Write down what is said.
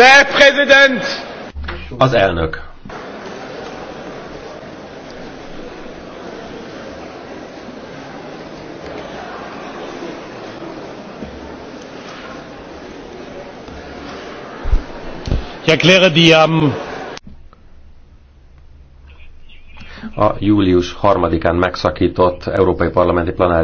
Der Präsident! Az elnök. Ich erkläre die am a július harmadikán megszakított Európai Parlamenti Plenáris